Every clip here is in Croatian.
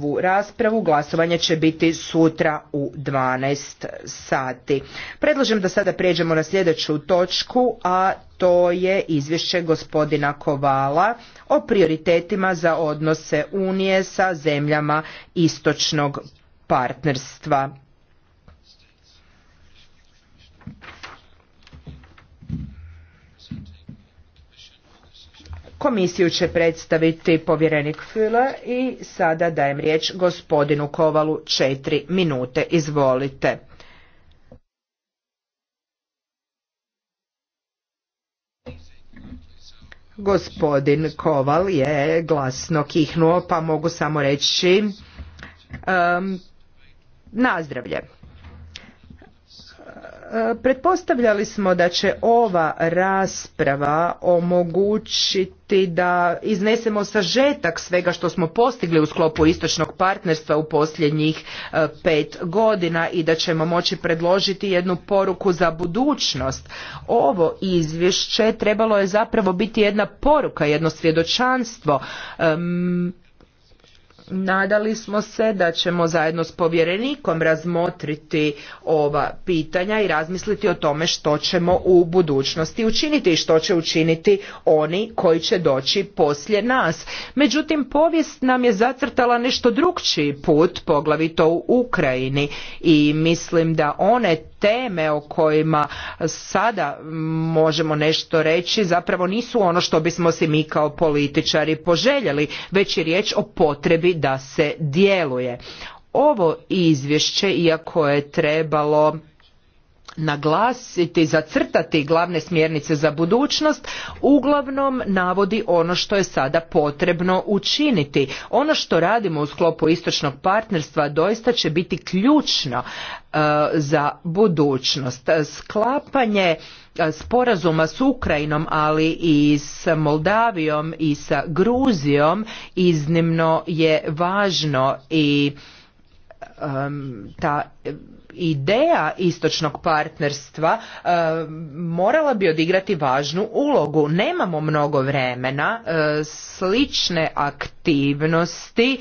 ovu raspravu. Glasovanje će biti sutra u 12 sati. Predlažem da sada prijeđemo na sljedeću točku, a to je izvješće gospodina Kovala o prioritetima za odnose Unije sa zemljama istočnog partnerstva. Komisiju će predstaviti povjerenik Fila i sada dajem riječ gospodinu Kovalu četiri minute. Izvolite. Gospodin Koval je glasno kihnuo pa mogu samo reći um, nazdravlje. Pretpostavljali smo da će ova rasprava omogućiti da iznesemo sažetak svega što smo postigli u sklopu istočnog partnerstva u posljednjih e, pet godina i da ćemo moći predložiti jednu poruku za budućnost. Ovo izvješće trebalo je zapravo biti jedna poruka, jedno svjedočanstvo. Nadali smo se da ćemo zajedno s povjerenikom razmotriti ova pitanja i razmisliti o tome što ćemo u budućnosti učiniti i što će učiniti oni koji će doći poslije nas. Međutim, povijest nam je zacrtala nešto drugčiji put, poglavito u Ukrajini i mislim da one teme o kojima sada možemo nešto reći zapravo nisu ono što bismo si mi kao političari poželjeli, već je riječ o potrebi da se djeluje. Ovo izvješće, iako je trebalo naglasiti, zacrtati glavne smjernice za budućnost, uglavnom navodi ono što je sada potrebno učiniti. Ono što radimo u sklopu istočnog partnerstva doista će biti ključno e, za budućnost. Sklapanje e, sporazuma s Ukrajinom, ali i s Moldavijom i sa Gruzijom iznimno je važno i Um, ta e, ideja istočnog partnerstva um, morala bi odigrati važnu ulogu. Nemamo mnogo vremena, e, slične aktivnosti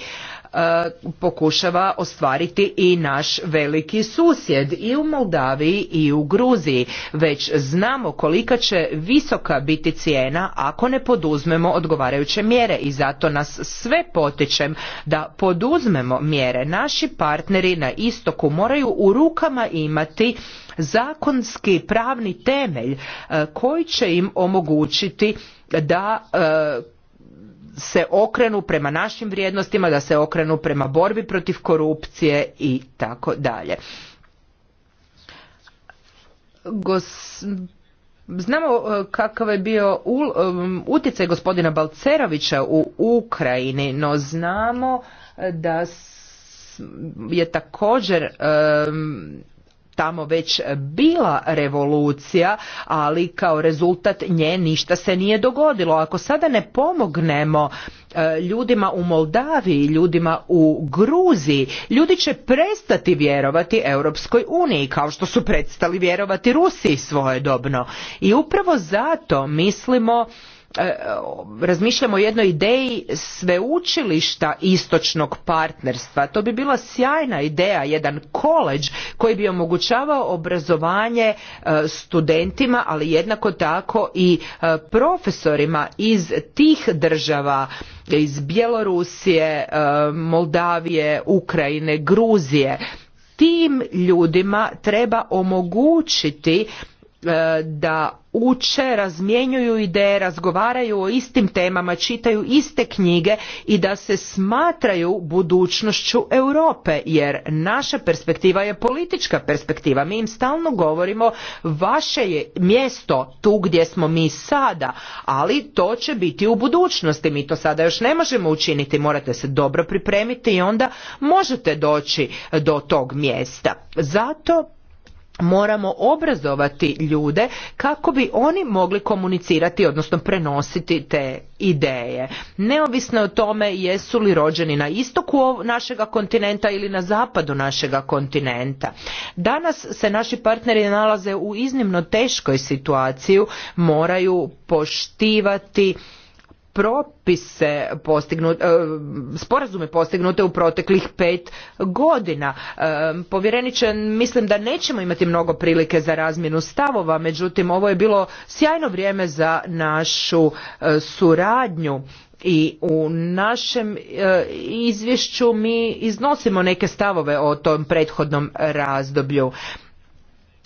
E, pokušava ostvariti i naš veliki susjed i u Moldaviji i u Gruziji. Već znamo kolika će visoka biti cijena ako ne poduzmemo odgovarajuće mjere i zato nas sve potičem da poduzmemo mjere. Naši partneri na istoku moraju u rukama imati zakonski pravni temelj e, koji će im omogućiti da e, se okrenu prema našim vrijednostima, da se okrenu prema borbi protiv korupcije i tako dalje. Znamo e, kakav je bio e, utjecaj gospodina Balcerovića u Ukrajini, no znamo e, da je također tamo već bila revolucija, ali kao rezultat nje ništa se nije dogodilo. Ako sada ne pomognemo e, ljudima u Moldaviji, ljudima u Gruziji, ljudi će prestati vjerovati Europskoj uniji, kao što su prestali vjerovati Rusiji svojedobno. I upravo zato mislimo E, razmišljamo o jednoj ideji sveučilišta istočnog partnerstva. To bi bila sjajna ideja, jedan koleđ koji bi omogućavao obrazovanje e, studentima, ali jednako tako i e, profesorima iz tih država iz Bjelorusije, Moldavije, Ukrajine, Gruzije. Tim ljudima treba omogućiti E, da uče, razmjenjuju ideje, razgovaraju o istim temama, čitaju iste knjige i da se smatraju budućnošću Europe, jer naša perspektiva je politička perspektiva. Mi im stalno govorimo vaše je mjesto tu gdje smo mi sada, ali to će biti u budućnosti. Mi to sada još ne možemo učiniti, morate se dobro pripremiti i onda možete doći do tog mjesta. Zato moramo obrazovati ljude kako bi oni mogli komunicirati odnosno prenositi te ideje neovisno o tome jesu li rođeni na istoku našega kontinenta ili na zapadu našega kontinenta danas se naši partneri nalaze u iznimno teškoj situaciji moraju poštivati propise postignute, sporazume postignute u proteklih pet godina. E, povjereniče, mislim da nećemo imati mnogo prilike za razmjenu stavova, međutim ovo je bilo sjajno vrijeme za našu e, suradnju i u našem e, izvješću mi iznosimo neke stavove o tom prethodnom razdoblju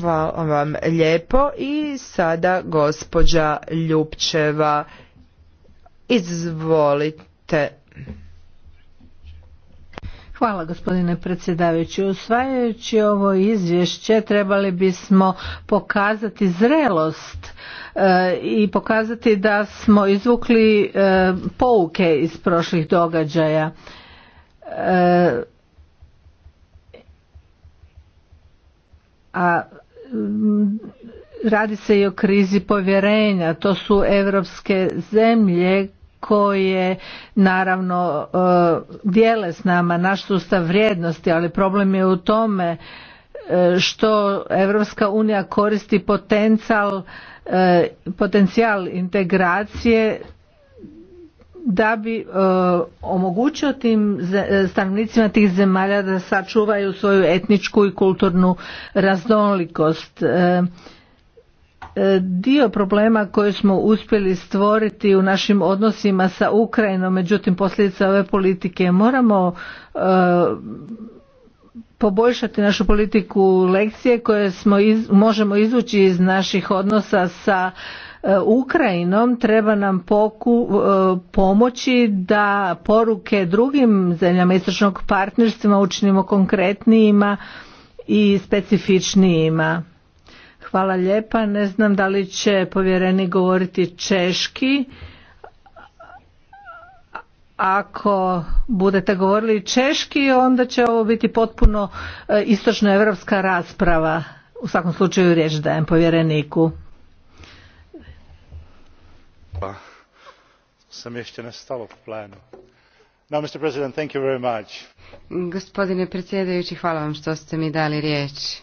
Hvala vam lijepo i sada gospođa Ljupčeva, izvolite. Hvala gospodine predsjedavajući. Usvajajući ovo izvješće trebali bismo pokazati zrelost e, i pokazati da smo izvukli e, pouke iz prošlih događaja. E, a Mm, radi se i o krizi povjerenja to su europske zemlje koje naravno e, dijele s nama naš sustav vrijednosti ali problem je u tome e, što Europska unija koristi potencijal, e, potencijal integracije da bi e, omogućio tim e, stanovnicima tih zemalja da sačuvaju svoju etničku i kulturnu raznolikost. E, dio problema koje smo uspjeli stvoriti u našim odnosima sa Ukrajinom, međutim posljedica ove politike moramo poboljšati našu politiku lekcije koje smo možemo izvući iz naših odnosa sa E, Ukrajinom treba nam poku, e, pomoći da poruke drugim zemljama istočnog partnerstva učinimo konkretnijima i specifičnijima. Hvala lijepa. Ne znam da li će povjereni govoriti češki. Ako budete govorili češki, onda će ovo biti potpuno e, istočnoevropska rasprava. U svakom slučaju riječ dajem povjereniku. Pa, sam ještě nestalo v plénu. No, Mr. President, thank you very much. Gospodine predsjedajući, hvala vam što ste mi dali riječ.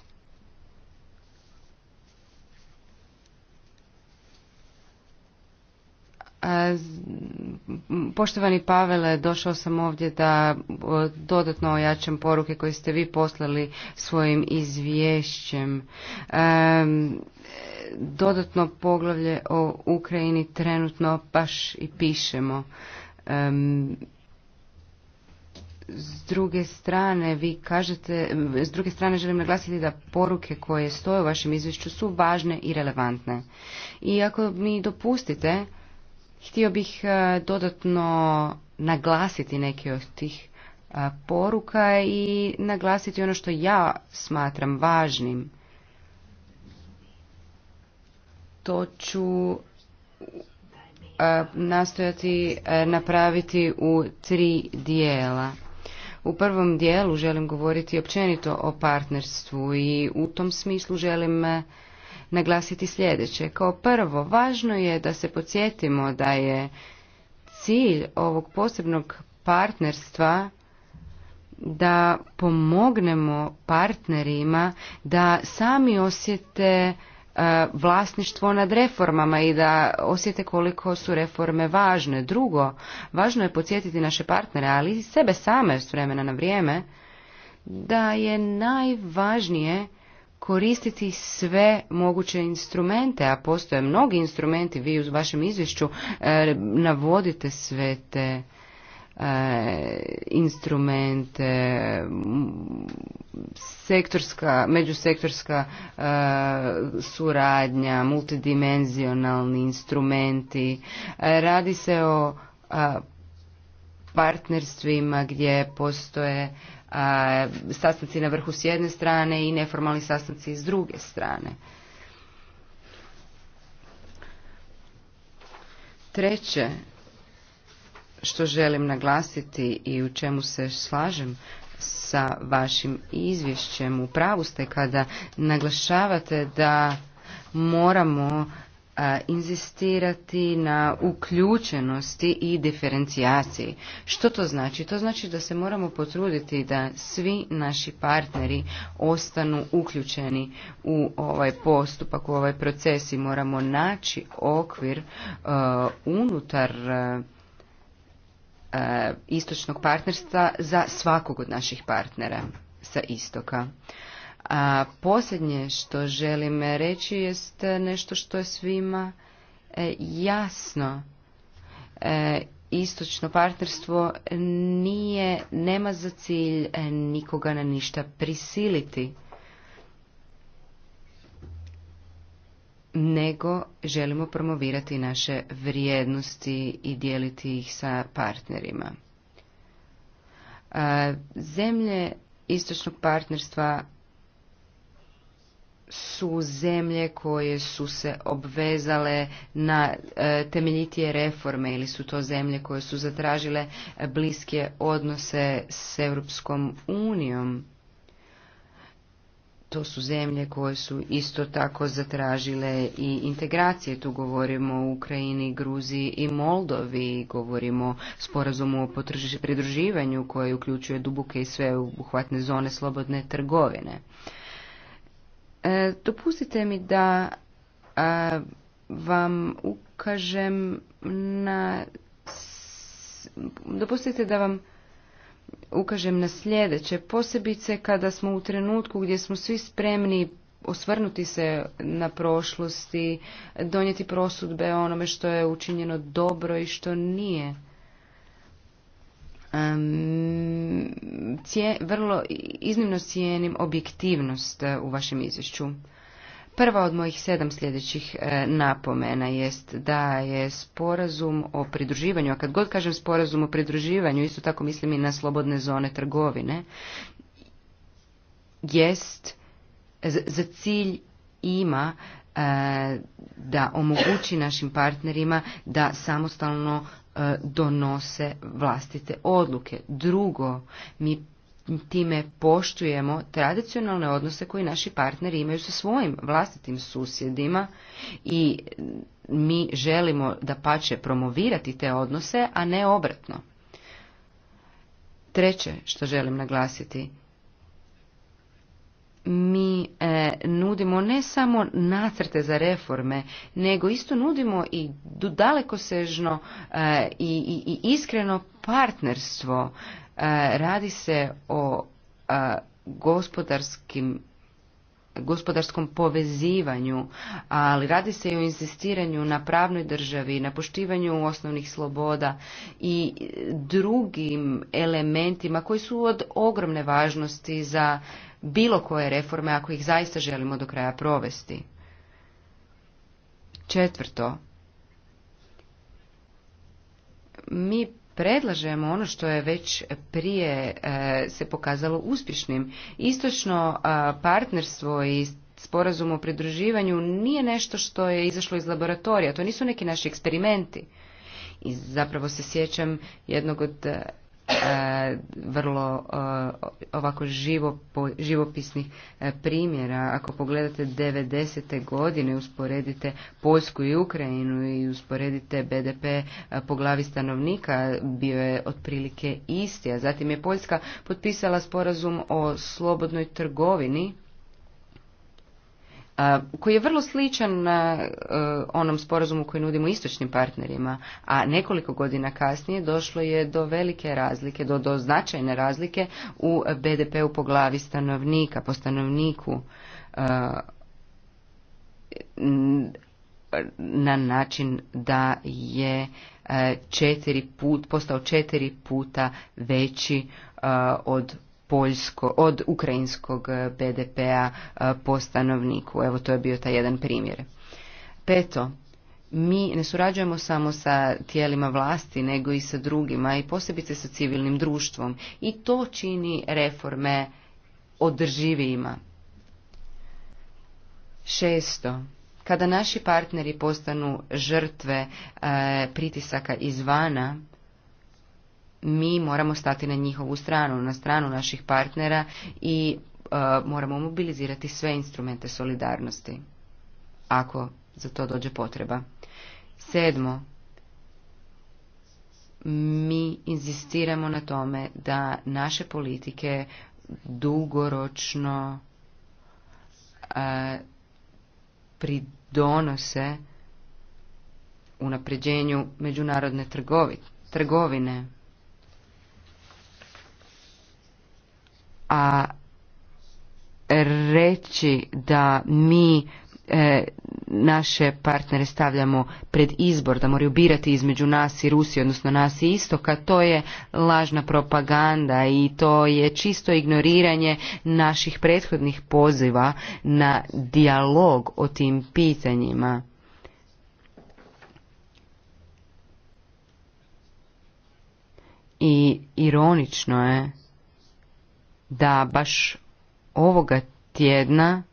Poštovani Pavele, došao sam ovdje da dodatno ojačam poruke koje ste vi poslali svojim izvješćem. Dodatno poglavlje o Ukrajini trenutno baš i pišemo. S druge strane, vi kažete, s druge strane želim naglasiti da poruke koje stoje u vašem izvješću su važne i relevantne. I ako mi dopustite, Htio bih e, dodatno naglasiti neke od tih e, poruka i naglasiti ono što ja smatram važnim. To ću e, nastojati napraviti u tri dijela. U prvom dijelu želim govoriti općenito o partnerstvu i u tom smislu želim naglasiti sljedeće. Kao prvo, važno je da se podsjetimo da je cilj ovog posebnog partnerstva da pomognemo partnerima da sami osjete e, vlasništvo nad reformama i da osjete koliko su reforme važne. Drugo, važno je podsjetiti naše partnere, ali i sebe same s vremena na vrijeme, da je najvažnije koristiti sve moguće instrumente, a postoje mnogi instrumenti, vi u vašem izvješću e, navodite sve te e, instrumente, sektorska, međusektorska e, suradnja, multidimenzionalni instrumenti, radi se o partnerstvima gdje postoje sastanci na vrhu s jedne strane i neformalni sastanci s druge strane. Treće, što želim naglasiti i u čemu se slažem sa vašim izvješćem, u pravu ste kada naglašavate da moramo inzistirati na uključenosti i diferencijaciji. Što to znači? To znači da se moramo potruditi da svi naši partneri ostanu uključeni u ovaj postupak, u ovaj proces i moramo naći okvir unutar istočnog partnerstva za svakog od naših partnera sa istoka. A posljednje što želim reći jest nešto što je svima e, jasno. E, istočno partnerstvo nije, nema za cilj e, nikoga na ništa prisiliti. nego želimo promovirati naše vrijednosti i dijeliti ih sa partnerima. Zemlje istočnog partnerstva su zemlje koje su se obvezale na e, temeljitije reforme ili su to zemlje koje su zatražile e, bliske odnose s Europskom unijom. To su zemlje koje su isto tako zatražile i integracije. Tu govorimo o Ukrajini, Gruziji i Moldovi. Govorimo sporazumu o pridruživanju koje uključuje duboke i sveobuhvatne zone slobodne trgovine. E, dopustite mi da vam ukažem na dopustite da vam ukažem na sljedeće, posebice kada smo u trenutku gdje smo svi spremni osvrnuti se na prošlosti, donijeti prosudbe onome što je učinjeno dobro i što nije. Cije, vrlo iznimno cijenim objektivnost e, u vašem izvješću. Prva od mojih sedam sljedećih e, napomena jest da je sporazum o pridruživanju, a kad god kažem sporazum o pridruživanju, isto tako mislim i na slobodne zone trgovine, jest za cilj ima e, da omogući našim partnerima da samostalno E, donose vlastite odluke. Drugo, mi time poštujemo tradicionalne odnose koje naši partneri imaju sa svojim vlastitim susjedima i mi želimo da pače promovirati te odnose, a ne obratno. Treće što želim naglasiti mi e, nudimo ne samo nacrte za reforme nego isto nudimo i dalekosežno e, i, i iskreno partnerstvo e, radi se o e, gospodarskim gospodarskom povezivanju, ali radi se i o insistiranju na pravnoj državi, na poštivanju osnovnih sloboda i drugim elementima koji su od ogromne važnosti za bilo koje reforme ako ih zaista želimo do kraja provesti. Četvrto, mi predlažemo ono što je već prije e, se pokazalo uspješnim. Istočno e, partnerstvo i sporazum o pridruživanju nije nešto što je izašlo iz laboratorija, to nisu neki naši eksperimenti. I zapravo se sjećam jednog od e, E, vrlo e, ovako živo, živopisnih e, primjera. Ako pogledate 90. godine, usporedite Poljsku i Ukrajinu i usporedite BDP po glavi stanovnika, bio je otprilike isti. A zatim je Poljska potpisala sporazum o slobodnoj trgovini koji je vrlo sličan na e, onom sporazumu koji nudimo istočnim partnerima, a nekoliko godina kasnije došlo je do velike razlike, do, do značajne razlike u BDP-u po glavi stanovnika, po stanovniku na način da je e, četiri put, postao četiri puta veći od poljsko, od ukrajinskog BDP-a eh, eh, po stanovniku. Evo to je bio taj jedan primjer. Peto, mi ne surađujemo samo sa tijelima vlasti, nego i sa drugima i posebice sa civilnim društvom. I to čini reforme održivijima. Šesto, kada naši partneri postanu žrtve e, pritisaka izvana, mi moramo stati na njihovu stranu, na stranu naših partnera i e, moramo mobilizirati sve instrumente solidarnosti, ako za to dođe potreba. Sedmo, mi inzistiramo na tome da naše politike dugoročno e, pridonose unapređenju međunarodne trgovine a reći da mi e, naše partnere stavljamo pred izbor da moraju birati između nas i Rusije odnosno nas i istoka to je lažna propaganda i to je čisto ignoriranje naših prethodnih poziva na dijalog o tim pitanjima i ironično je da baš ovoga tjedna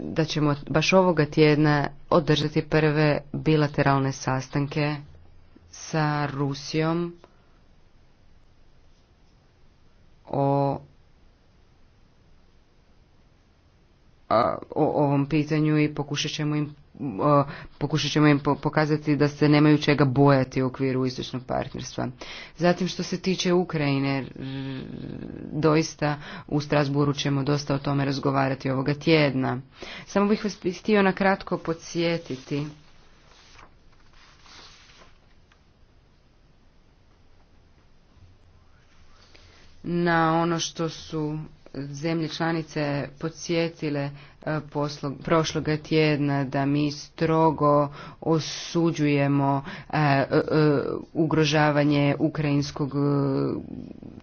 da ćemo baš ovoga tjedna održati prve bilateralne sastanke sa Rusijom o, o ovom pitanju i pokušat ćemo im pokušat ćemo im pokazati da se nemaju čega bojati u okviru istočnog partnerstva. Zatim što se tiče Ukrajine, doista u Strasburu ćemo dosta o tome razgovarati ovoga tjedna. Samo bih vas htio na kratko podsjetiti na ono što su zemlje članice podsjetile e, poslog, prošloga tjedna da mi strogo osuđujemo e, e, ugrožavanje ukrajinskog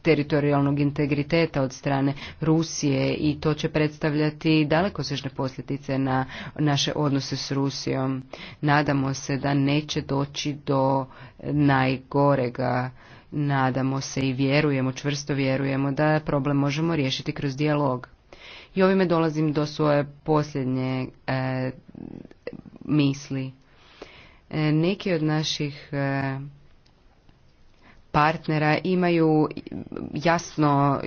teritorijalnog integriteta od strane Rusije i to će predstavljati dalekosežne posljedice na naše odnose s Rusijom. Nadamo se da neće doći do najgorega nadamo se i vjerujemo, čvrsto vjerujemo da problem možemo riješiti kroz dijalog. I ovime dolazim do svoje posljednje e, misli. E, neki od naših e, partnera imaju jasno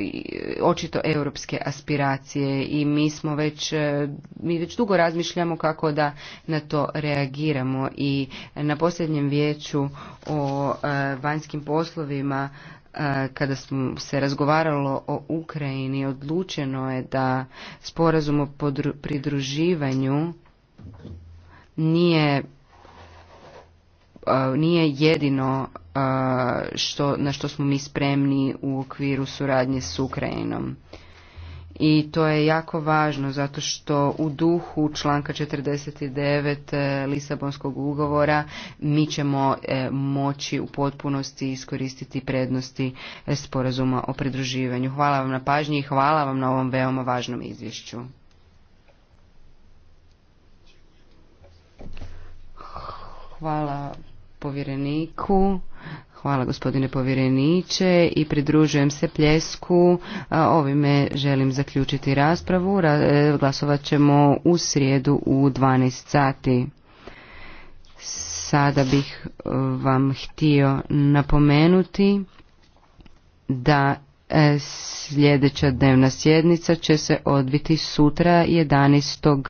očito europske aspiracije i mi smo već e, mi već dugo razmišljamo kako da na to reagiramo i na posljednjem vijeću o e, vanjskim poslovima e, kada smo se razgovaralo o Ukrajini odlučeno je da sporazum o pridruživanju nije nije jedino što, na što smo mi spremni u okviru suradnje s Ukrajinom. I to je jako važno zato što u duhu članka 49 e, Lisabonskog ugovora mi ćemo e, moći u potpunosti iskoristiti prednosti e, sporazuma o pridruživanju. Hvala vam na pažnji i hvala vam na ovom veoma važnom izvješću. Hvala povjereniku. Hvala gospodine povjereniče i pridružujem se pljesku. Ovime želim zaključiti raspravu. E, glasovat ćemo u srijedu u 12 sati. Sada bih e, vam htio napomenuti da e, sljedeća dnevna sjednica će se odviti sutra 11.